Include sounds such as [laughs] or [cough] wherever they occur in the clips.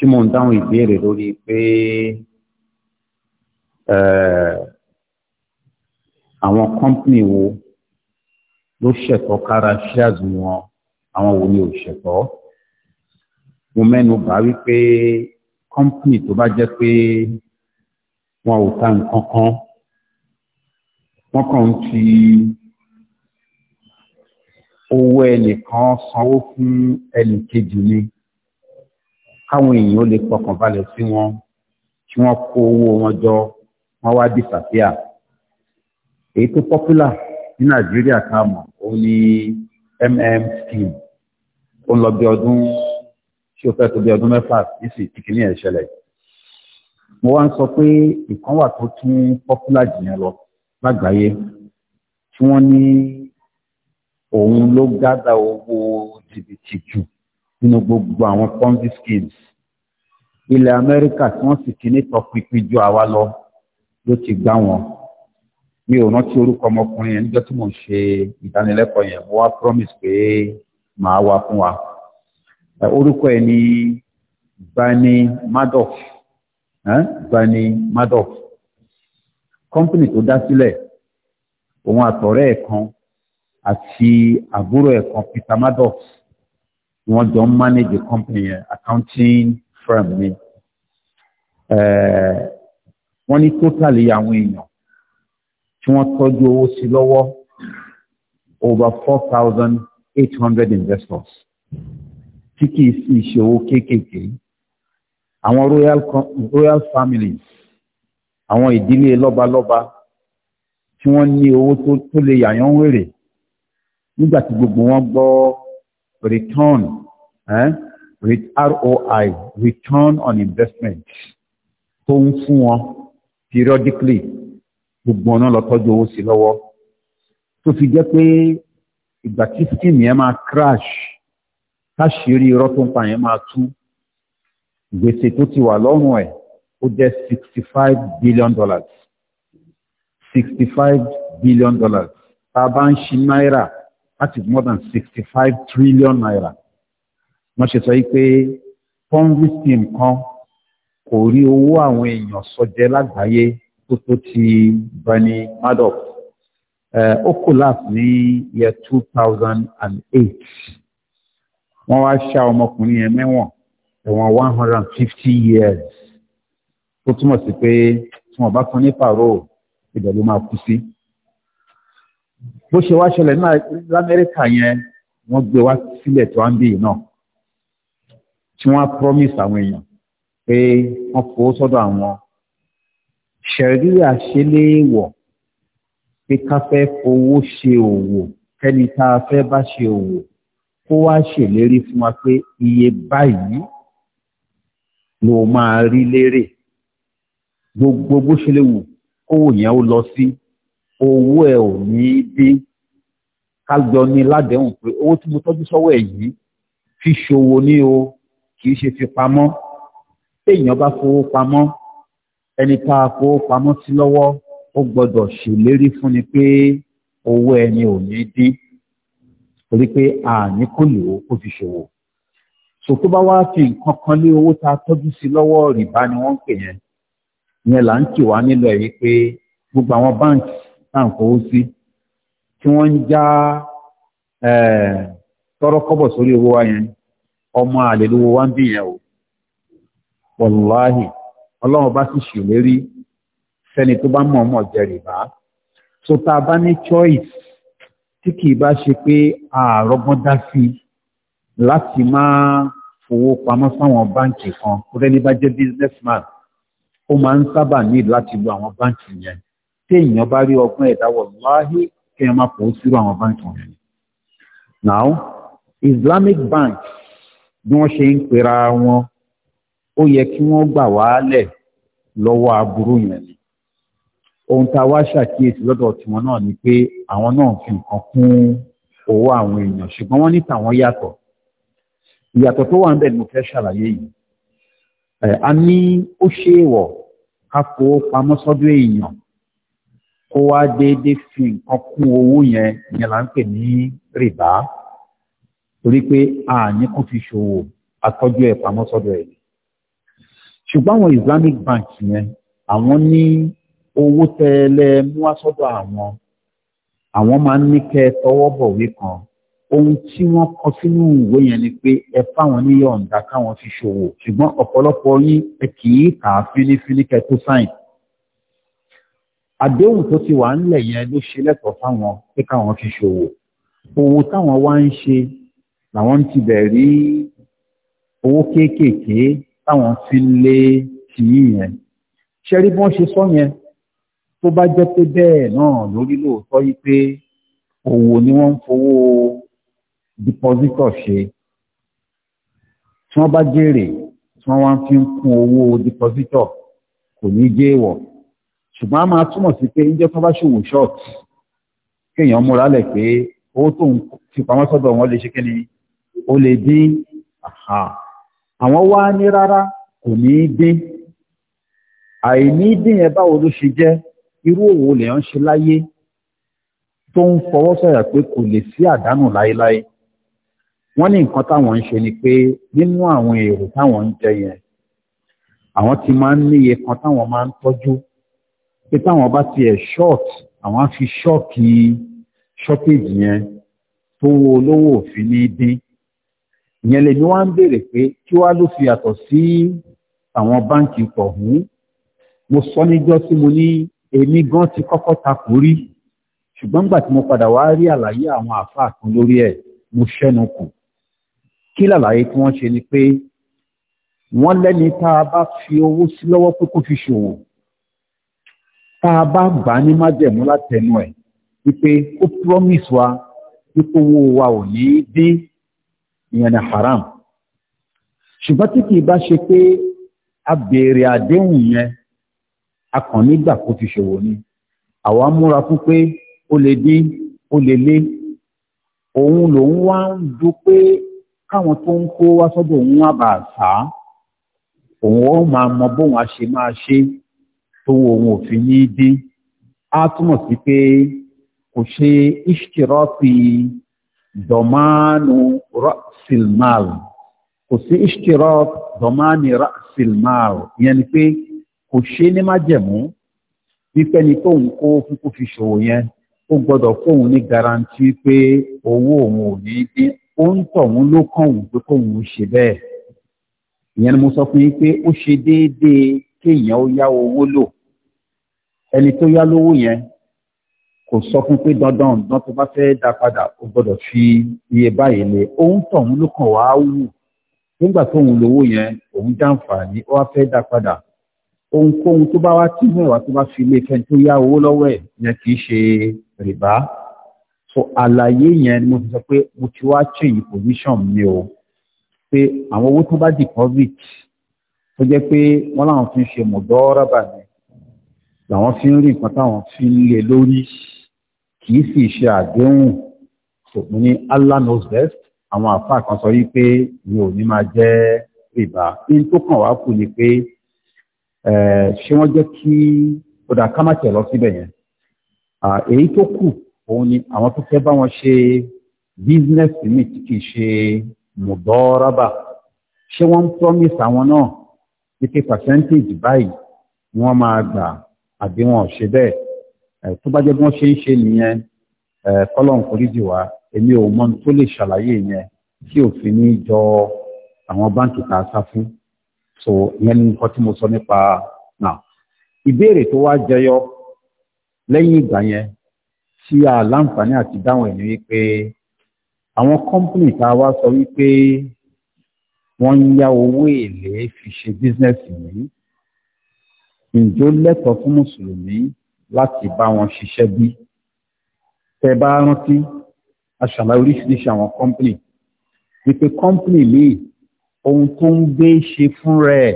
tí mo ń dáhùn ìbéèrè lórí pé àwọn kọ́mpìnì wo ló ṣẹ̀tọ́ kára shares wọn àwọn wo ni ò ṣẹ̀tọ́ mo mẹ́nu bà wípé kọ́mpìnì tó bá jẹ́ pé wọn ò ta nǹkan kan wọ́n kàn ń fi owó ẹnìkan sanwó fún ẹnìkejì ni káwọn èèyàn lè pọkàn balẹ̀ sí wọn kí wọ́n kó owó wọn jọ wọ́n wá disapia èyí tó popular ní nàìjíríà tá a mọ̀ mm scheme ó ń lọ bí ọdún tí ó fẹ́ tó bí ọdún mẹ́fà nísì ìkíní ẹ̀ ṣẹlẹ̀ mo wá ń sọ pé nǹkan wà tó tún popular jù yẹn lọ lágbàáyé tí wọ́n ní òun ló gádà owó jìbìtì jù nínú gbogbo àwọn ponzi schemes ilẹ̀ amẹ́ríkà tí wọ́n sì ti ní tọpinpin ju àwa lọ ló ti gbá wọn mi ò rántí orúkọ ọmọkùnrin yẹn níjọ́ tí mò ń ṣe ìdánilẹ́kọ̀ọ́ yẹn mo wá promise pé màá wá fún wa orúkọ ẹ̀ ní Bani Madoff Bani Madoff kọ́mpìnì tó dá sílẹ̀ òun àtọ̀rẹ́ ẹ̀ kan àti àbúrò ẹ̀ kan Peter Madoff wọ́n jọ ń manage a company accounting firm ni eh, wọ́n ní totally àwọn èèyàn tí wọ́n tọ́jú owó sí lọ́wọ́ over four thousand eight hundred investors tí kìí sí ìṣòwò kéékèèké àwọn royal royal families àwọn ìdílé lọ́balọ́ba tí wọ́n ní owó tó lè yàyàn wèrè nígbà tí gbogbo wọn gbọ́ return eh? with ROI return on investment tó ń fún wọn periodically gbogbo ọ̀nà lọ tọ́jú owó sí lọ́wọ́ tó fi jẹ́ pé ìgbà tí skim yẹn máa crash káṣírí irọ́ tó ń pa yẹn máa tú gbèsè tó ti wà lọ́rùn ẹ̀ ó jẹ́ sixty billion dollars sixty billion dollars tá a bá ń ṣe náírà that is more than 65 trillion naira wọ́n ṣe sọ pé ponzi scheme kan kò rí owó àwọn èèyàn sọjẹ lágbàáyé tó tó ti Bernie Madoff ó collapse ní year two thousand and eight wọ́n wá ṣá ọmọkùnrin yẹn mẹ́wọ̀n ẹ̀wọ̀n one hundred and fifty years tó túmọ̀ sí pé tí wọ́n bá tán ní pàrọ̀ ibẹ̀ ló máa kú sí. bó ṣe wá ṣẹlẹ̀ ní Amẹ́ríkà yẹn wọ́n gbé wá sílẹ̀ tó ń bì náà tí wọ́n á promise àwọn èèyàn pé wọ́n fowó sọ́dọ̀ àwọn ṣẹ̀ríà ṣe léèwọ̀ pé ká fẹ́ fowó ṣe òwò kẹ́ni tá a fẹ́ bá ṣe òwò kó wá ṣèlérí fún wa pé iye báyìí ló máa rí lérè gbogbo bó ṣe lè wù kówò yẹn ó lọ sí owó ẹ ò ní í dín ká jọ ní ládẹ́hùn pé owó tí mo tọ́jú sọ́wọ́ ẹ̀ yìí fi ṣòwò ní o kìí ṣe fi pamọ́ téèyàn bá fowó pamọ́ ẹni tá a fowó pamọ́ sí lọ́wọ́ ó gbọ́dọ̀ ṣèlérí fún ni pé owó ẹni ò ní dín torí pé àní kò lè owó kó fi ṣòwò so tó bá wá fi nǹkan kan lé owó tá a tọ́jú sí lọ́wọ́ rìbá ni wọ́n ń pè yẹn ìyẹn là ń kì wá nílò ẹ̀ yìí pé gbogbo àwọn báǹkì tá à ń fowó sí tí wọ́n ń já tọrọ sórí owó wa yẹn ọmọ àlèlúwò wá ń bí ìyẹn o wọ̀láhì ọlọ́run bá sì ṣèlérí sẹ́ni tó bá mọ̀ mọ̀ jẹ rìbá tó tá a bá ní choice tí kì í bá ṣe pé àrọ́gbọ́n dá sí láti máa fowó pamọ́ sáwọn báǹkì kan tó rẹ́ni bá jẹ́ businessman ó máa ń sábà ní láti lo àwọn báǹkì yẹn tí èèyàn bá rí ọgbọ́n ẹ̀dá wọ̀láhì kí ẹ máa fowó sírò àwọn báǹkì yẹn. now Islamic banks bí wọ́n ṣe ń pera wọn ó yẹ kí wọ́n gbà wálẹ̀ lọ́wọ́ aburú yẹn ni ohun tá a wá ṣàkíyèsí lọ́dọ̀ tiwọn náà ni pé àwọn náà fi nǹkan kún owó àwọn èèyàn ṣùgbọ́n wọ́n ní tàwọn yàtọ̀ ìyàtọ̀ tó wà ń bẹ̀ ni mo fẹ́ ṣàlàyé yìí a ní ó ṣe é wọ̀ ká fowó pamọ́ sọ́dọ̀ èèyàn kó wá déédéé fi nǹkan kún owó yẹn yẹn là ń pè ní rìbá. torí pé àní kò fi ṣòwò àtọ́jú ẹ̀ pamọ́ sọ́dọ̀ ẹ̀ ṣùgbọ́n àwọn Islamic bank yẹn àwọn ní owó tẹ́lẹ̀ mú sọ́dọ̀ àwọn àwọn máa ń ní kẹ́ tọwọ́ bọ̀wé kan ohun tí wọ́n kọ sínú ìwé yẹn ni pé ẹ fáwọn níyọ̀ǹda káwọn fi ṣòwò ṣùgbọ́n ọ̀pọ̀lọpọ̀ yín ẹ kì í kà á fínífíní kẹ́ tó sáìn àdéhùn tó ti wà ńlẹ̀ yẹn ló ṣe lẹ́tọ̀ọ́ fáwọn pé káwọn fi ṣòwò òwò táwọn wá ń ṣe làwọn ń tibẹ̀ rí owó kéékèèké táwọn fi lé tìyí yẹn ṣẹ́rí bí wọ́n ṣe sọ yẹn tó bá jẹ́ pé bẹ́ẹ̀ náà lórí lóòótọ́ yìí pé òwò ni wọ́n ń fowó depositor ṣe tí wọ́n bá jèrè tí wọ́n wá fi ń kún owó depositor kò ní jẹ́ èèwọ̀ ṣùgbọ́n a máa túmọ̀ sí pé níjẹ́ tó bá ṣòwò short kéèyàn múra lẹ̀ pé owó tó ń fi sọ́dọ̀ wọn lè ṣe kí ni ó lè dín àwọn wá ní rárá kò ní dín àìní dín yẹn báwo ló ṣe jẹ́ irú òwò lèèyàn ṣe láyé tó ń fọwọ́ sọ̀yà pé kò lè sí àdánù láéláé wọ́n ní nǹkan táwọn ń ṣe ni pé nínú àwọn èrò táwọn ń jẹ yẹn àwọn ti máa ń níye kan táwọn máa ń tọ́jú pé táwọn bá tiẹ̀ short àwọn á fi ṣọ́ọ̀kì shortage yẹn tó wo olówó òfin ní dín ìyẹn lèmi wá ń béèrè pé kí wá ló fi yàtọ̀ sí àwọn báǹkì tọ̀hún mo sọ níjọ́ tí mo ní èmi gan ti kọ́kọ́ takò rí ṣùgbọ́n nígbà tí mo padà wá rí àlàyé àwọn àáfàá kan lórí ẹ̀ mo ṣẹ́nu kù kí làlàyé tí wọ́n ṣe ni pé wọ́n lẹ́ni tá a bá fi owó sí lọ́wọ́ pé kó fi ṣòwò tá a bá gbà ní májẹ̀mú látẹnu ẹ̀ wípé ó promise wa wípé owó wa ò ní dín ìyẹn ni haram ṣùgbọ́n tí kìí bá ṣe pé a béèrè àdéhùn yẹn a kàn nígbà kó fi ṣòwò ni àwa múra fún pé ó lè dín ó lè lé òun lòun wá ń du pé káwọn tó ń kó wá sọ́dọ̀ òun wá bàa sá òun ó máa mọ bóun a ṣe máa ṣe tó òun ò fi ní dín á túmọ̀ sí pé kò ṣe ìṣirọ́pì dọ̀mánù rọ́ọ̀sìlmáàl kò sí ìṣirọ́ dọ̀mánì rọ́ọ̀sìlmáàl ìyẹn ni pé kò ṣe ní májẹ̀mú wípé ni tóun kó fún kó fi ṣòwò yẹn ó gbọ́dọ̀ kóun ní garanti pé owó òun ò ní dín ó ń tọ̀hún ló kàn òun pé kóun ṣe bẹ́ẹ̀ ìyẹn ni mo sọ fún yín pé ó ṣe déédéé kéèyàn ó yá owó lò ẹni tó yá lówó yẹn kò sọ fún pé dandan ọ̀dán tó bá fẹ́ dá padà ó gbọ́dọ̀ fi iye báyìí lé ohun tọ̀hún ló kàn wá wù nígbà tóun lówó yẹn òun jàǹfààní ó wá fẹ́ dá padà ohunkóhun tó bá wá tí mú ẹ̀wà tó bá fi lé fẹ́ni tó yá owó lọ́wọ́ ẹ̀ yẹn kì í ṣe rìbá so àlàyé yẹn ni mo fi sọ pé mo ti wá change position mi o pé àwọn owó tó bá deposit tó jẹ́ pé wọ́n láwọn fi ń ṣe mọ̀dọ́rọ́bà ni làwọn fi ń rí nǹkan táwọn fi ń lé lórí kìí sì ṣe àdéhùn òpin ní Allah knows best àwọn àfáà kan sọ wípé mi ò ní máa jẹ́ rìbá in tó kàn wá kù ni pé ṣé wọ́n jẹ́ kí ọ̀dà kámàtì lọ síbẹ̀ yẹn èyí tó kù òun ni àwọn tó fẹ́ bá wọn ṣe business mi tí kìí ṣe mùdọ́rábà ṣé wọ́n ń promise àwọn náà wípé percentage báyìí ni wọ́n máa gbà àbí wọn ò ṣe bẹ́ẹ̀ tó bá jẹ́ bí wọ́n ṣe ń ṣe nìyẹn kọ́lọ́n kò díjì wá èmi ò mọ tó lè ṣàlàyé yẹn tí òfin ní jọ àwọn báǹkì tá a sá fún so ìyẹn ni nǹkan tí mo sọ nípa náà ìbéèrè tó wá jẹyọ lẹ́yìn ìgbà yẹn tí a láǹfààní àti dáhùn ẹ̀ ní wípé àwọn kọ́mpìnì tá a wá sọ wípé wọ́n ń yá owó èlé fi ṣe bísínẹ́sì yìí ǹjọ́ lẹ́tọ̀ọ́ fún mùsùlùmí láti bá wọn ṣiṣẹ́ bí tẹ bá rántí aṣàlá oríṣiríṣi àwọn kọ́mpìnì wípé kọ́mpìnì lè ohun tó ń gbé ṣe fún rẹ̀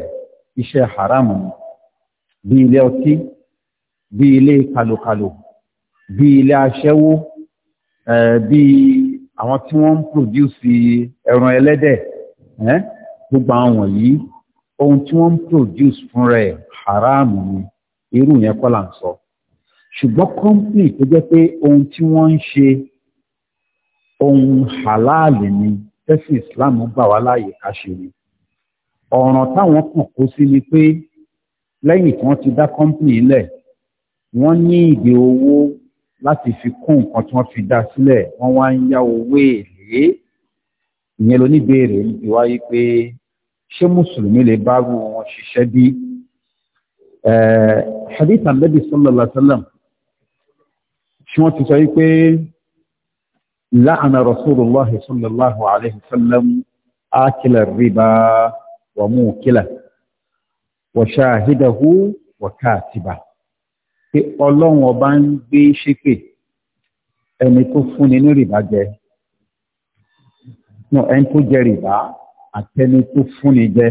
iṣẹ́ haram bí ilé ọtí bí ilé kalokalo bí ilé aṣẹ́wó bí àwọn tí wọ́n ń pòdúsì ẹran ẹlẹ́dẹ̀ gbogbo àwọn yìí ohun tí wọ́n ń pòdúsì fún rẹ̀ haram ni irú yẹn kọ́ là ń sọ. So ṣùgbọ́n company tó jẹ́ pé ohun tí wọ́n ń ṣe ohun halali ni tẹ́sí islam gbà wá láàyè ká ṣe ni ọ̀ràn táwọn kàn kó sí ni pé lẹ́yìn tí wọ́n ti dá company lẹ̀ wọ́n ní ìdè owó láti fi kún nǹkan tí wọ́n fi dá sílẹ̀ wọ́n wá ń yá owó èlé ìyẹn lóníbèèrè níbi pé ṣé mùsùlùmí lè bá wọn ṣiṣẹ́ bí hadith Ànábì sallallahu alaihi wasallam tí wọ́n ti sọ wípé láàánà rasulullah sallallahu alaihi wasallam akila riba wa mukila wa shahidahu wa katiba pé ọlọ́run ọba ń gbé ṣépè ẹni tó fúnni ní rìbá jẹ ẹni tó jẹ rìbá àtẹni tó fúnni jẹ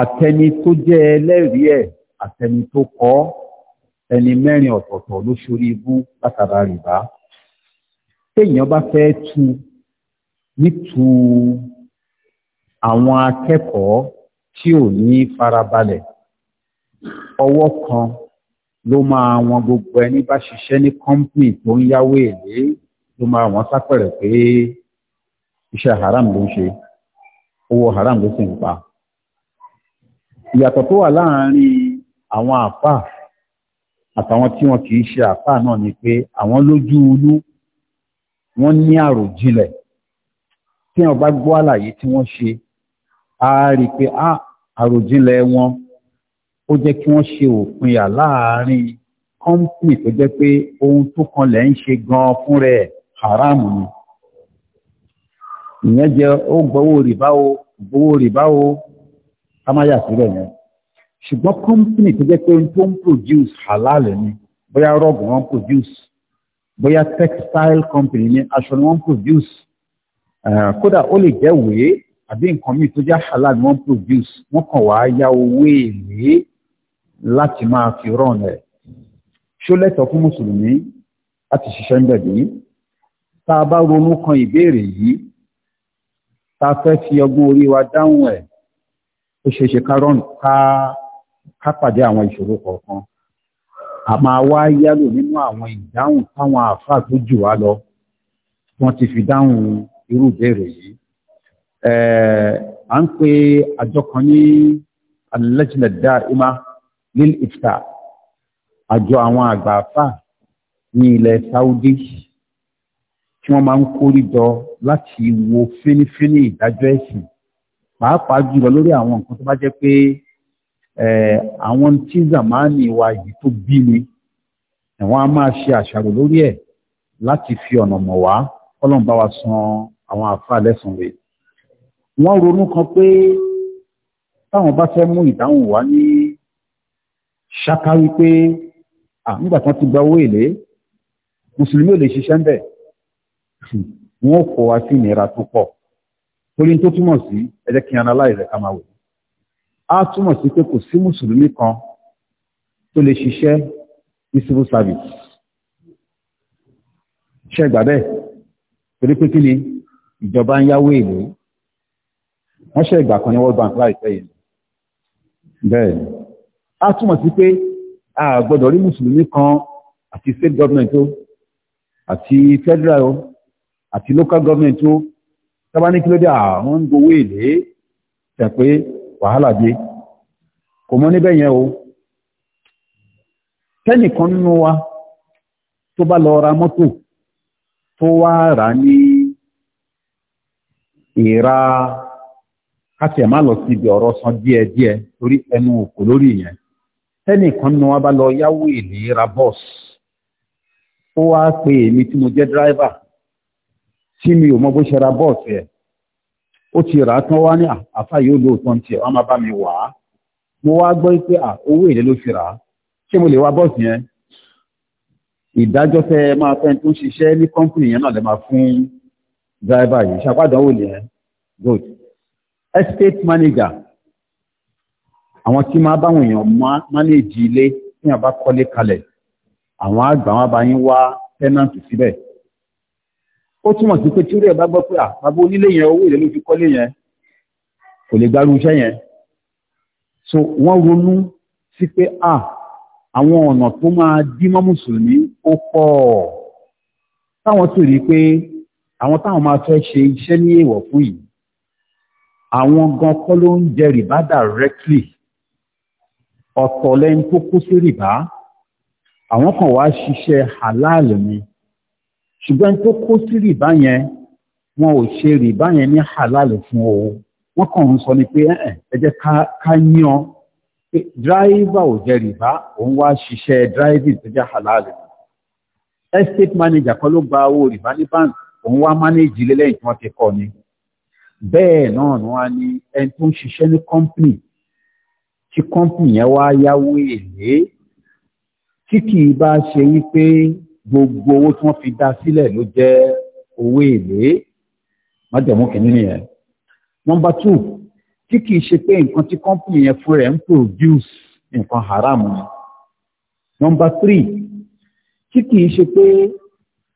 àtẹni tó jẹ ẹlẹ́rìí ẹ̀ àtẹni tó kọ́ ọ́ ẹni mẹ́rin ọ̀tọ̀ọ̀tọ̀ ló ṣorí ibú látara rìbá téèyàn bá fẹ́ tu nítu àwọn akẹ́kọ̀ọ́ tí ò ní farabalẹ̀ ọwọ́ kan ló máa wọn gbogbo ẹni bá ṣiṣẹ́ ní kọ́ńpì tó ń yáwó èlé ló máa wọn sápẹ̀rẹ̀ pé iṣẹ́ haram ló ń ṣe owó haram ló sì ń pa ìyàtọ̀ tó wà láàárín àwọn àfáà àtàwọn tí wọn kì í ṣe àfáà náà ni pé àwọn lójú ulú wọ́n ní àròjinlẹ̀ tí wọ́n bá gbọ́ àlàyé tí wọ́n ṣe a rí pé a àròjinlẹ̀ wọn ó jẹ́ kí wọ́n ṣe òpinya láàárín kọ́ńpì tó jẹ́ pé ohun tó kanlẹ̀ ń ṣe gan fún rẹ̀ haramu ni ìyẹn jẹ́ ó gbowó rìbá o gbowó rìbá o ká má yà sílẹ̀ yẹn ṣùgbọ́n kọ́mpìnì tó jẹ́ pé tó ń produce halal ni bóyá rọ́ọ̀bù wọn produce bóyá textile company ni aṣọ ni wọ́n produce eh, kódà ó lè jẹ́ wèé àbí nǹkan míì tó jẹ́ halal ni wọ́n produce wọ́n kàn wá yá owó èlé láti máa fi rán rẹ̀ ṣó lẹ́tọ̀ọ́ fún mùsùlùmí láti ṣiṣẹ́ ń bẹ̀bí tá a bá ronú kan ìbéèrè yìí tá a fẹ́ fi ọgbọ́n orí wa dáhùn ẹ̀ ó ṣeé ṣe ká ká pàdé àwọn ìṣòro kọ̀ọ̀kan a máa wá yálò nínú àwọn ìdáhùn táwọn àáfàá tó jù wá lọ wọ́n ti fi dáhùn irú ìbéèrè yìí à ń pe àjọ kan ní al-lajna ad lil-ifta àjọ àwọn àgbà àáfàá ní ilẹ̀ Saudi tí wọ́n máa ń kórí jọ láti wo fínífíní ìdájọ́ ẹ̀sìn pàápàá jùlọ lórí àwọn nǹkan tó bá jẹ́ pé àwọn tí zamani wa yìí tó bí mi ẹ̀wọ̀n a máa ṣe àṣàrò lórí ẹ̀ láti fi ọ̀nà mọ̀ wá ọlọ́run bá wa san àwọn àfa lẹ́sàn-án rẹ̀ wọ́n ronú kan pé táwọn bá fẹ́ mú ìdáhùn wá ní ṣáká wípé nígbà tí wọ́n ti gba owó èlé mùsùlùmí ò lè ṣiṣẹ́ ń wọ́n kó wa sí ìnira tó pọ̀ torí tó túmọ̀ sí ẹ jẹ́ kí n analyze ẹ̀ ká máa wò á túmọ̀ sí pé kò sí mùsùlùmí kan tó lè ṣiṣẹ́ ní civil service ṣe gbà bẹ́ẹ̀ torí pé kí ni ìjọba ń yáwó èlé wọ́n ṣe ìgbà kan ní World Bank láìpẹ́ yìí bẹ́ẹ̀ á túmọ̀ sí pé a gbọ́dọ̀ rí mùsùlùmí kan àti state government o àti federal o àti local government o tábà ní kí ló dé àwọn ń gbowó èlé tẹ̀ pé wàhálà dị. kò mọ́ níbẹ̀ yẹn o tẹ́nìkan wa tó bá lọ ra mọ́tò tó wá rà ní ìra káti ẹ̀ má lọ ọ̀rọ̀ san díẹ̀díẹ̀ torí ẹnu òkò lórí ìyẹn tẹ́nìkan nínú wa bá lọ yáwó èlé ra bọ́ọ̀sì ó wá pe èmi tí mo jẹ́ tí ó ti rà á tán wá ní àfà yóò lóòótọ́ tiẹ̀ wọ́n máa bá mi wà á mo wá gbọ́ pé owó èlé ló fi rà á ṣé mo lè wá bọ́ọ̀sì yẹn ìdájọ́ fẹ́ máa fẹ́ tó ń ṣiṣẹ́ ní kọ́ńpìnì yẹn náà lè máa fún dráìbà yìí ṣàpàdánwò nìyẹn good estate manager àwọn tí máa báwọn èèyàn manage ilé tí wọ́n bá kọ́lé kalẹ̀ àwọn àgbà wọn bá yín wá tenant síbẹ̀ ó túmọ̀ sí pé tí rẹ̀ bá gbọ́ pé àbábó onílé yẹn owó ìlé fi kọ́lé yẹn kò lè gbárù iṣẹ́ yẹn so wọ́n ronú sí pé à àwọn ọ̀nà tó máa dí mọ́ mùsùlùmí ó pọ̀ táwọn sì rí i pé àwọn táwọn máa fẹ́ ṣe iṣẹ́ ní èèwọ̀ fún yìí àwọn gan kọ́ ló ń jẹ rìbá directly ọ̀tọ̀ lẹ́ni tó kó sí rìbá àwọn kan wá ṣiṣẹ́ halal ni ṣùgbọ́n tó kó sí rìbá yẹn wọn ò ṣe rìbá yẹn ní halal fún o wọ́n kàn ń sọ ni pé ẹ jẹ́ ká yán dráìvà ò jẹ rìbá òun wá ṣiṣẹ́ driving tó jẹ́ halal estate manager kan ló gba owó rìbá ní bank òun wá manage ilé lẹ́yìn tí wọ́n ti kọ́ ni bẹ́ẹ̀ náà ni wọ́n á ní ẹni tó ń ṣiṣẹ́ ní company tí company yẹn wá yáwó èlé tí kì í bá ṣe wípé gbogbo owó tí wọ́n fi dá sílẹ̀ ló jẹ́ owó èlé májẹ̀mú kìíní nìyẹn. nọ́mbà two tí kìí ṣe pé nǹkan tí kọ́ńpìnì yẹn fún rẹ̀ ń produce nǹkan haram ni. nọ́mbà three tí kìí ṣe pé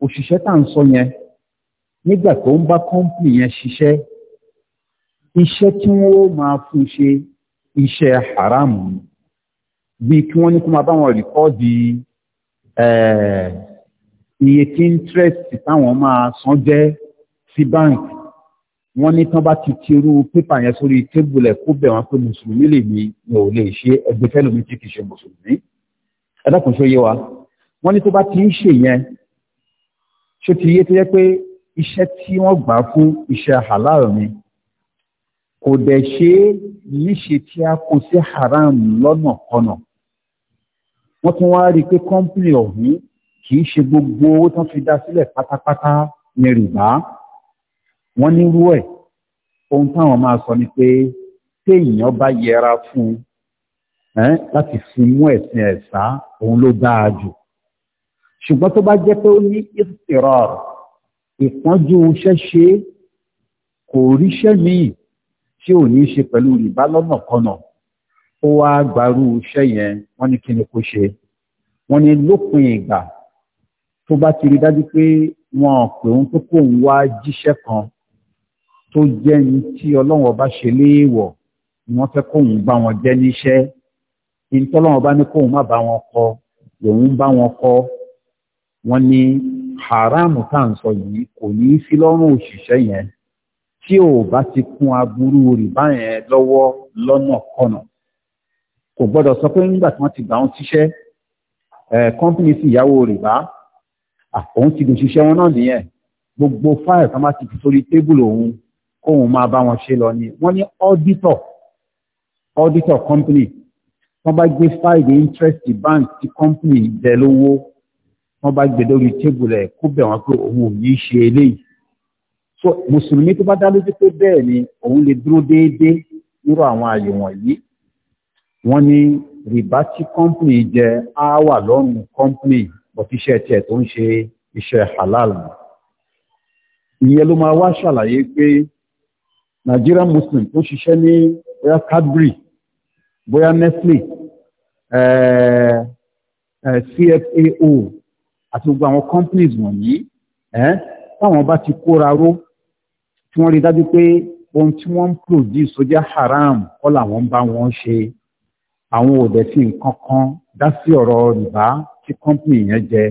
òṣìṣẹ́ tá à ń sọ yẹn nígbà tó ń bá kọ́ńpìnì yẹn ṣiṣẹ́ iṣẹ́ tí wọ́n máa fún ṣe iṣẹ́ haram ni bíi kí wọ́n ní kó máa bá wọn rìkọ́ọ̀dì iye tí interest táwọn máa san jẹ́ sí báǹkì wọ́n ní tán bá ti ti irú pépà yẹn sórí tébù ẹ̀ kó bẹ̀ wọ́n pé mùsùlùmí lè ní mi ò lè ṣe ẹgbẹ́ fẹ́lómi tí kì í ṣe mùsùlùmí ẹ dákun yé wa wọ́n ní tó bá ti ń ṣe yẹn ṣó ti yé tó yẹ pé iṣẹ́ tí wọ́n gbà fún iṣẹ́ halal ni kò dẹ̀ ṣe é níṣe tí a kó sí haram lọ́nà kọ̀nà wọ́n tún wá rí i pé kọ́ńpìnì ọ̀hún kì í ṣe gbogbo owó tán fi dá sílẹ̀ pátápátá ní rìbá wọ́n nírú ẹ̀ ohun táwọn máa sọ ni pé téèyàn bá yẹra fún un láti fi mú ẹ̀sìn ẹ̀sà òun ló dáa jù ṣùgbọ́n tó bá jẹ́ pé ó ní ìfìrọ̀r ìpọ́njú ṣẹ́ṣe kò ríṣẹ́ míì tí ò ní ṣe pẹ̀lú rìbá lọ́nà kọ́nà ó wá gbarú iṣẹ́ yẹn wọ́n ní kí ni kó ṣe wọ́n ní lópin ìgbà tó bá ti rí dájú pé wọn ò pè òun tó kó òun wá jíṣẹ́ kan tó jẹ́ ní tí ọlọ́run ọba ṣe léèwọ̀ ni wọ́n fẹ́ kóun bá wọn jẹ́ níṣẹ́ ìtọ́lọ́run ọba ní kóun má bá wọn kọ lòun bá wọn kọ wọ́n ní haramu tá à ń sọ yìí kò ní sí lọ́rùn òṣìṣẹ́ yẹn tí ò bá ti kún aburú rìbá yẹn lọ́wọ́ lọ́nà kọ̀nà kò gbọ́dọ̀ sọ pé nígbà tí wọ́n ti gbà wọ́n síṣẹ́ kọ́ńpìnì sí ìyàwó rìbá Ah, òun ti dòṣìṣẹ́ wọn náà nìyẹn gbogbo fáìlì kan bá ti fi sórí tébùlù òun kóun máa bá wọn ṣe lọ ni wọ́n ní auditor auditor company wọ́n bá gbé fáìlì interest bank ti company jẹ lówó wọ́n bá gbé lórí tébùlù ẹ̀ kó bẹ̀ wọ́n pé òun ò ní ṣe eléyìí so mùsùlùmí tó bá dá lójú pé bẹ́ẹ̀ ni òun lè dúró déédéé irú àwọn àyè wọ̀nyí wọ́n ní rìbá tí company jẹ á wà company bọ̀tí iṣẹ́ tiẹ̀ tó ń ṣe iṣẹ́ halal ìyẹn ló máa wá ṣàlàyé pé Nigerian Muslim tó ṣiṣẹ́ ní bóyá Cadbury bóyá Nestle eh, eh, CFAO àti gbogbo àwọn companies wọ̀nyí eh, táwọn bá ti kóra ró tí wọ́n rí dájú pé ohun tí wọ́n ń produce ó jẹ́ haram kọ́ làwọn bá wọn ṣe àwọn ò dẹ̀ nǹkan kan dá sí ọ̀rọ̀ rìbá tí kọ́mpìnì yẹn jẹ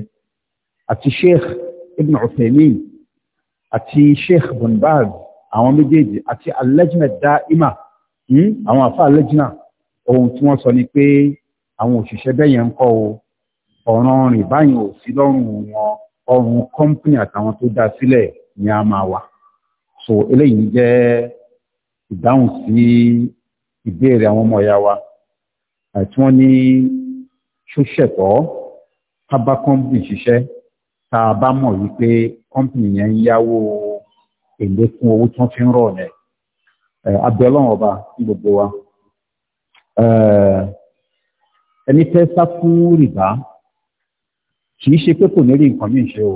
àti sheikh ibn Uthaymeen àti sheikh bin àwọn méjèèjì àti al-lajna da'ima hmm, àwọn àfa al-lajna ohun tí wọ́n sọ ni pé àwọn òṣìṣẹ́ bẹ́yẹn ń kọ́ o ọ̀ràn rìn báyìí ò sí lọ́rùn wọn ọrùn kọ́mpìnì àtàwọn tó dá sílẹ̀ ni a máa wà so eléyìí jẹ́ ìdáhùn sí ìbéèrè àwọn ọmọ ìyá wa eh, tí wọ́n ní ṣóṣẹ̀tọ́ tá bá kọ́mpìnì ṣiṣẹ́ tá a bá mọ̀ wípé kọ́mpìnì yẹn ń yáwó èlé fún owó tí wọ́n fi ń rọ̀ ọ̀nẹ́ abẹ́ ọlọ́run ọba ní gbogbo wa ẹni fẹ́ sá fún rìbá kì í ṣe pé kò ní rí nǹkan mí ṣe o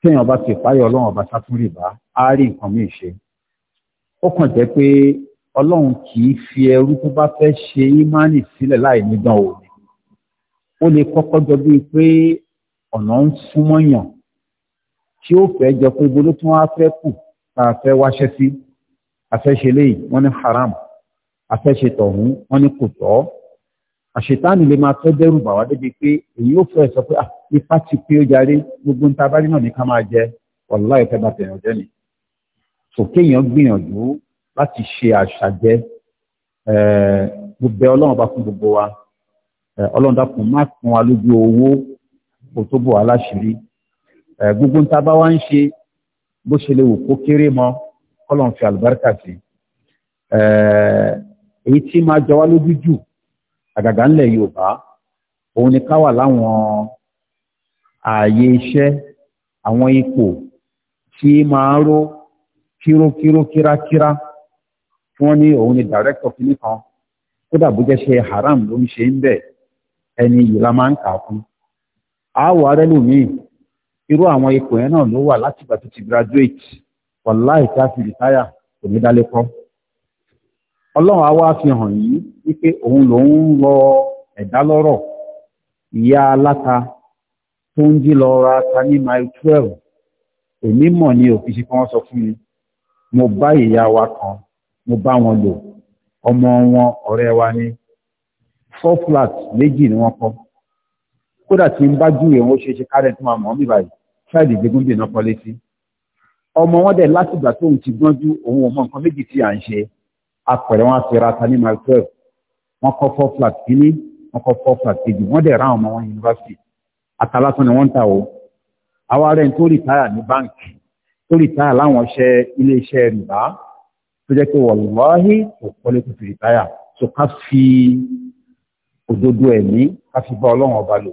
téèyàn bá ti páyọ ọlọ́run ọba sá fún rìbá á rí nǹkan mí ṣe ó kàn jẹ́ pé ọlọ́run kì í fi ẹrú tó bá fẹ́ ṣe ímánì sílẹ̀ láì nídán o ó lè kọ́kọ́ jọ bíi pé ọ̀nà ń súnmọ́yàn tí ó fẹ́ jọ pé ibo ló tún wá fẹ́ kù tá fẹ́ wáṣẹ́ sí afẹ́ṣe léyìí wọ́n ní haram afẹ́ṣe tọ̀hún wọ́n ní kò tọ́ àṣetánì lè máa fẹ́ dẹ́rù bà wá débi pé èyí ó fẹ́ sọ pé ah, ipá ti pé ó yarí gbogbo níta bá rí náà ní ká máa jẹ ọ̀la ìfẹ́ bá tẹ̀yàn jẹ́ ni sòkè èèyàn gbìyànjú láti ṣe àṣàjẹ gbogbo eh, ọlọ́run bá fún gbogbo wa ọlọ́ndàkùn má fún wa lójú owó kò tó bọ̀ aláṣìírí gbogbo ń tábá wá ń ṣe bó ṣe lè wò kó kéré mọ kọ́lọ̀ ń fi àlùbáríkà sí èyí tí máa jọ wá lójú jù àgàgà ńlẹ̀ Yorùbá òun ni ká wà láwọn ààyè iṣẹ́ àwọn ipò tí máa ń ró kírókíró kírákírá tí ní òun ni director kìíní kódà bó jẹ́ ṣe haram ló ń ṣe ń bẹ́ẹ̀ ẹni yìí la máa ń kà a fún àwọ̀ arẹ́lòmíì irú àwọn ipò yẹn náà ló wà láti ti graduate wàláì a fi rìtáyà kò ní dálé fi hàn yìí wípé òun lòun ń lọ ẹ̀dá lọ́rọ̀ ìyá aláta tó ń jí lọ ni òfin sọ fún mi mo bá ìyá wa kan mo bá wọn lò ọmọ wọn wa ni four flat méjì ni wọ́n kọ́ kódà tí ń bá júwèé wọn ó ṣe ṣe kárẹ̀ tó máa mọ̀ ọ́n bíbáyìí ṣáàdì gbégún bì náà kọ́ létí ọmọ wọn dẹ̀ látìgbà tóun ti gbọ́njú òun ò mọ nǹkan méjì tí à ń ṣe apẹ̀rẹ̀ wọn àti rata ní mile twelve wọn kọ́ four flat kínní wọn kọ́ four flat kejì wọn dẹ̀ ráwọn ọmọ wọn yunifásitì àtàlásán ni wọ́n ń ta o àwa rẹ̀ ń tó rìtáyà ní báǹkì tó rìtáyà láwọn iṣẹ́ iléeṣẹ́ rìbá tó jẹ́ pé wọ̀lúwáhí kò kọ́lé tó fi rìtáyà so ká fi òdodo ẹ̀mí ká fi bá ọlọ́run ọba lò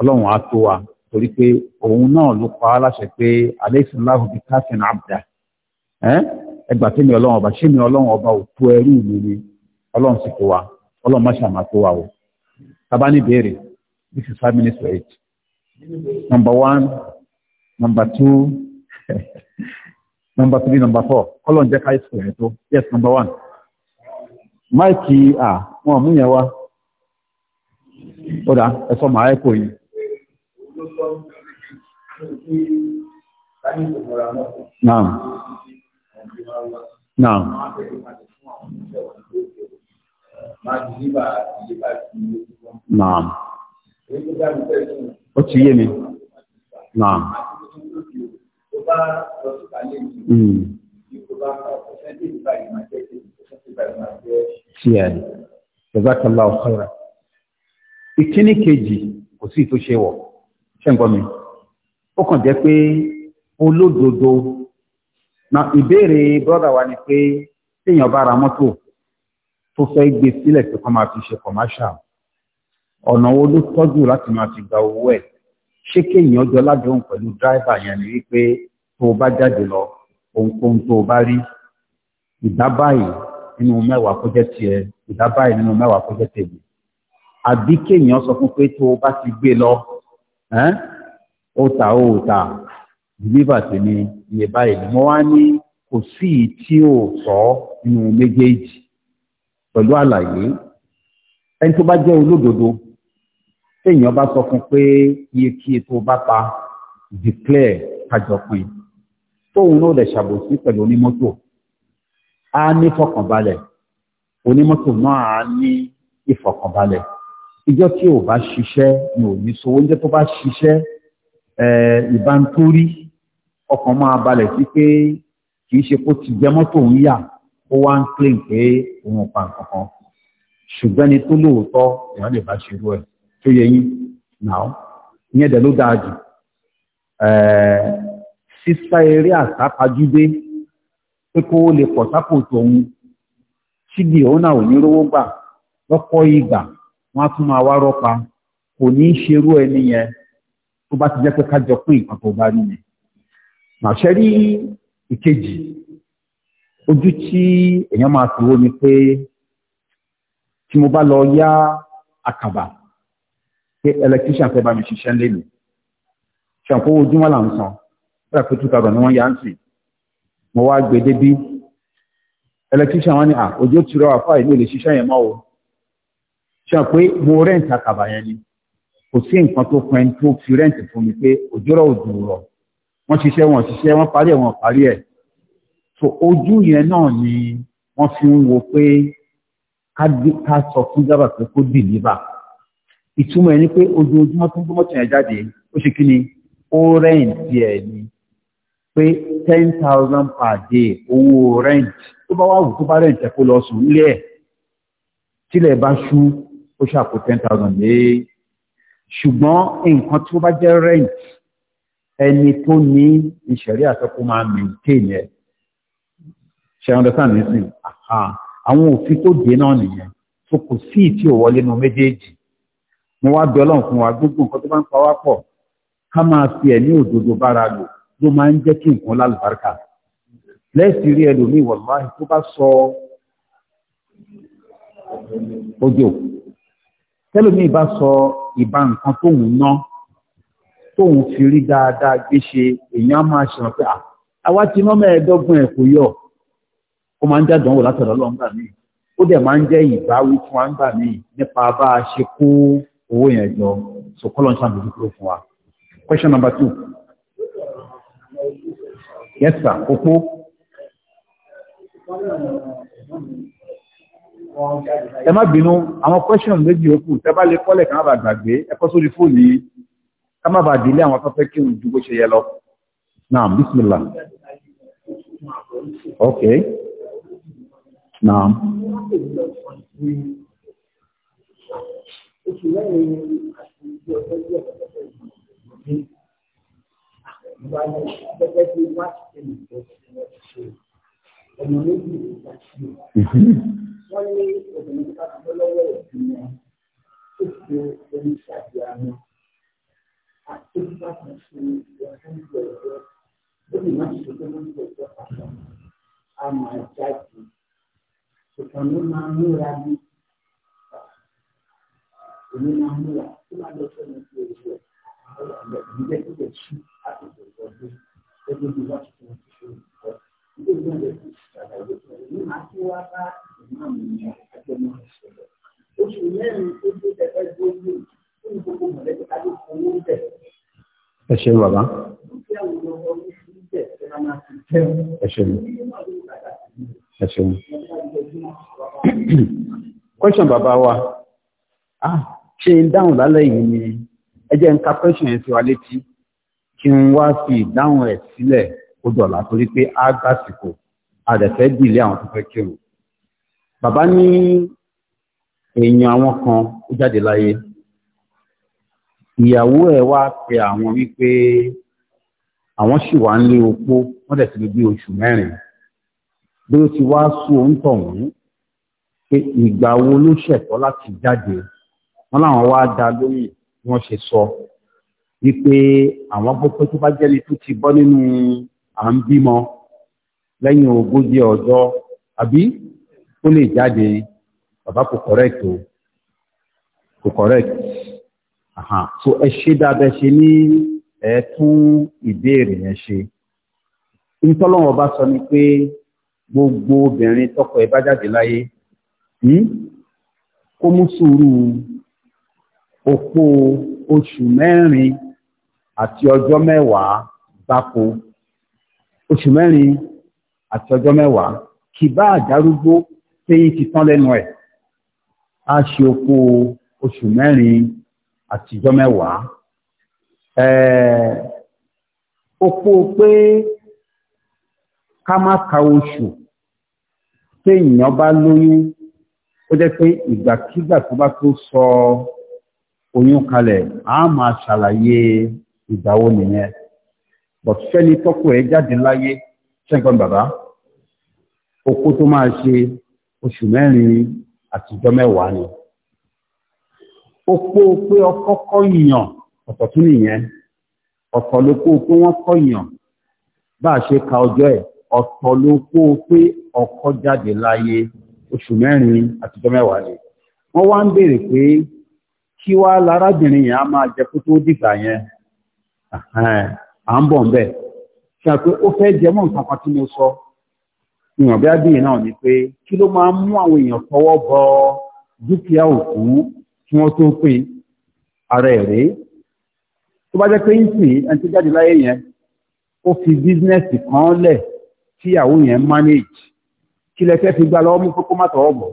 ọlọ́run á tó wa torí pé òun náà ló pa á láṣẹ pé aláìsíláhù bíi káfíń abdá ẹgbà tí mi ọlọ́run ọba ṣé mi ọlọ́run ọba ò tó ẹrú mi ni ọlọ́run sì tó wa ọlọ́run má ṣàmà tó wa o tábà ní ìbéèrè this is five minutes to eight number one number two [laughs] number three number four ọlọ́run jẹ́ ká ẹ̀sìn ẹ̀ tó yes number one máìkì à wọn ò mú ó dá ẹ̀sọ́ màá ẹ̀kọ́ yìí. Naam. Naam. Naam. Ó ti yé mi. Naam. Hmm. Tí ẹ̀, Jazakallah khairan ìkíní kejì kò sí tó ṣe wọ̀ ṣe ń gbọ́ mi ó kàn jẹ́ pé olódodo na ìbéèrè brother wa ni pé téèyàn bá ra mọ́tò tó fẹ́ gbé sílẹ̀ tó kàn máa fi ṣe commercial ọ̀nà wo ló tọ́jú láti máa fi gba owó ẹ̀ ṣé kéèyàn jọ ládùn pẹ̀lú dráìvà yẹn ni wípé tó o bá jáde lọ ohunkóhun tó o bá rí ìdá báyìí nínú mẹ́wàá kó jẹ́ tiẹ̀ ìdá báyìí nínú mẹ́wàá kó jẹ́ tèmi àbí kéèyàn sọ fún pé tó o bá ti gbé lọ ó ta ó ta deliver ti ní iye báyìí mo wá ní kò sí ì tí ò sọ nínú méjèèjì pẹ̀lú àlàyé ẹni tó bá jẹ́ olódodo téèyàn bá sọ fún pé iye kíye tó bá pa declare kájọpin tóun náà lè ṣàbòsí pẹ̀lú onímọ́tò á ní fọkànbalẹ̀ onímọ́tò náà á ní ìfọkànbalẹ̀ ìjọ tí o bá ṣiṣẹ́ ni ò ní sọ oúnjẹ tó bá ṣiṣẹ́ ìbántórí ọkàn máa balẹ̀ sí pé kì í ṣe kó ti jẹ mọ́tò ń yà ó wá ń claim pé òun pa nǹkan kan ṣùgbọ́n ẹni tó lóòótọ́ èèyàn lè bá ṣerú ẹ̀ tó yẹ yín náà ìyẹn dẹ̀ ló dáa jù sísá eré àsápajúdé pé kó lè pọ̀ sápò tòun síbi òun náà ò ní rówó gbà lọ́pọ̀ ìgbà wọ́n á tún máa wá rọ́pa kò ní í ṣerú ẹni yẹn tó bá ti jẹ́ pé kájọ pín nǹkan tó bá rí yẹn. màṣẹ rí ìkejì ojú tí èèyàn máa fi wó ni pé tí mo bá lọ yá àkàbà pé electrician fẹ́ bá mi ṣiṣẹ́ lẹ́nu ṣàǹkó ojúmọ́ là ń san fúra pé two thousand ni wọ́n yá ń sìn mo wá gbé débí electrician wọn ni à ojú ó ti rọ àfáà ìlú ò lè yẹn mọ́ o ṣe pé mo rẹ́ǹtì àkàbà yẹn ni kò sí nǹkan tó kan ẹni tó fi rẹ́ǹtì fún mi pé òjòrò òjò rọ̀ wọ́n ṣiṣẹ́ wọn ṣiṣẹ́ wọ́n parí ẹ̀ wọ́n parí ẹ̀ so ojú yẹn náà ni wọ́n fi ń wo pé ká sọ fún jábà pé kó dìlíbà ìtumọ̀ ẹni pé ojoojúmọ́ tó ń gbọ́mọ́ tẹ̀yẹ̀ jáde ó ṣe kí ni ó rẹ́ǹtì ẹ̀ ni pé ten thousand per day owó rẹ́ǹtì tó bá wà wù tó bá rẹ́ǹtì ẹ̀ kó lọ sùn nílé ẹ̀ tílẹ̀ bá ṣú ó ṣàkó ten thousand lé ṣùgbọ́n nǹkan tó bá jẹ́ rent ẹni tó ní ìṣẹ̀rí àtọ́kù máa maintain ẹ̀ ṣe understand me sin àwọn òfin tó dé náà nìyẹn so kò sí ìtí ò wọlé nu méjèèjì mo wá bẹ ọlọ́run fún wa gbogbo nǹkan tó bá ń pa wá pọ̀ ká máa fi ẹ̀ òdodo bára lò ló máa ń jẹ́ kí nǹkan lálùbáríkà lẹ́sìn rí ẹlòmíì wọ̀lúwàhí tó bá sọ ọjọ́ tẹ́lómi ìbá sọ ìbá nǹkan tóun ná tóun fi rí dáadáa gbé ṣe èèyàn máa ṣèrànwọ́ pé àwa ti ná mẹ́ẹ̀ẹ́dọ́gbọ̀n ẹ̀ kò yọ ó máa ń jádánwò látọ̀dọ̀ lọ́ngbà míì ó dẹ̀ máa ń jẹ́ ìbáwí fún wa ńgbà míì nípa bá a ṣe kó owó yẹn jọ sọkọ́lọ́ ń ṣàbójú kúrò fún wa. question number two yes sir opó ẹ má bínú àwọn question méjì òkú tẹ́bá lè kọ́lẹ̀ kan bá gbàgbé ẹkọ́ sórí fóònù yìí ká má bàa dìlé àwọn afẹ́fẹ́ kí n ju bó ṣe yẹ lọ naam bismillah ok naam. Mm-hmm wọ́n ní obìnrin ká kọ́ lọ́wọ́ òbí wọn tó fi omi ṣàbí àwọn àti bá kan ṣe ìyàtọ̀ ìjọ ìjọ lórí má ṣe tó má ṣe ìjọ pàtó a máa jáde ṣùgbọ́n ní máa múra bí èmi máa múra tí máa lọ sọ́nà sí ìjọ àwọn àgbẹ̀ ìjẹ́ tó lè ṣí àtẹ̀jọ́ ìjọ bí ẹgbẹ́ bí wọ́n ti fi ṣe ìjọ. Oṣù mẹ́rin tó dé ẹgbẹ́ gbogbo fún gbogbo mọ̀lẹ́bí adé fún owó bẹ̀. Ẹ ṣeun bàbá. Dúkìá òjò ọdún sí bẹ̀ tí a máa fi jẹun. Ẹ ṣeun. Ẹ ṣeun. Question bàbá wa. Ah, ṣe ń dáhùn lálẹ́ yìí ni ẹ jẹ́ ń ka question yẹn sí wa létí kí n wá fi ìdáhùn ẹ̀ sílẹ̀ ó dọ̀là torí pé á gbàsìkò a dẹ̀ fẹ́ dìlé àwọn tó fẹ́ kírun bàbá ní èèyàn àwọn kan ó jáde láyé ìyàwó ẹ̀ wá pe àwọn wípé àwọn sì wà ń lé opó wọ́n dẹ̀ ti lè bí oṣù mẹ́rin bí ó ti wá sú oúntọ̀ wọ́n pé ìgbà wo ló ṣẹ̀tọ́ láti jáde wọ́n láwọn wá dá lórí bí wọ́n ṣe sọ wípé àwọn gbọ́ pé tó bá jẹ́ni tó ti bọ́ nínú à ń bímọ lẹ́yìn ogójì ọjọ́ àbí ó lè jáde bàbá kò correct o kò correct so ẹ ṣe dáadáa ṣe ní ẹ tún ìbéèrè yẹn ṣe ìtọ́lọ́wọ́ bá sọ ni pé gbogbo obìnrin tọkọ ẹ̀ bá jáde láyé hmm, kó mú sùúrù òpó oṣù mẹ́rin àti ọjọ́ mẹ́wàá gbáko oṣù mẹ́rin àti ọjọ́ mẹ́wàá kì bá àdárúgbó téyín ti tán lẹ́nu ẹ̀ á ṣe oko oṣù mẹ́rin àti ọjọ́ mẹ́wàá oko pé ká má ka oṣù téèyàn bá lóyún ó jẹ́ pé ìgbàkígbà tó bá tó sọ oyún kalẹ̀ á máa ṣàlàyé ìgbà wo nìyẹn but fẹ́ni tọ́kù ẹ̀ jáde láyé ṣẹ́gbọ́n bàbá okó tó máa ṣe oṣù mẹ́rin àti ìjọ mẹ́wàá ni ó pó pé ọkọ́ kọ́yàn ọ̀tọ̀ tún nìyẹn ọ̀tọ̀ ló kó pé wọ́n kọ́yàn bá a ṣe ka ọjọ́ ẹ̀ ọ̀tọ̀ ló kó pé ọkọ́ jáde láyé oṣù mẹ́rin àti mẹ́wàá ni wọ́n wá ń béèrè pé kí wá lárábìnrin yẹn á máa jẹ kó tó dìgbà yẹn à ń bọ̀ ń bẹ̀ ṣe pé ó fẹ́ jẹ mọ́ nǹkan kan tí mo sọ ìwọ̀n bí abíyì náà ni pé kí ló máa ń mú àwọn èèyàn tọwọ́ bọ dúkìá òkú kí wọ́n tó pín ara ẹ̀ rèé tó bá jẹ́ pé ń sìn ẹni tó jáde láyé yẹn ó fi bísínẹ́sì kan lẹ̀ tíyàwó yẹn manage kí lẹ fẹ́ fi gbá lọ́wọ́ mú kókó má tọwọ́ bọ̀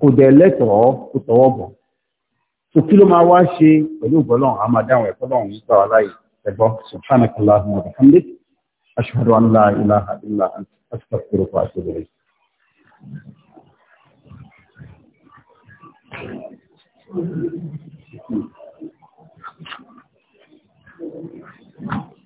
kò dẹ̀ lẹ́tọ̀ọ́ kó tọwọ́ bọ̀ so kí ló máa wá ṣe pẹ̀lú ìgbọ́lọ́run a máa dáhùn ẹ̀kọ́ lọ́run nípa wa láyé ẹ̀gbọ́ subhanakallahumma wa bihamdik ashhadu an la ilaha illa anta astaghfiruka wa atubu ilayk. Thank you.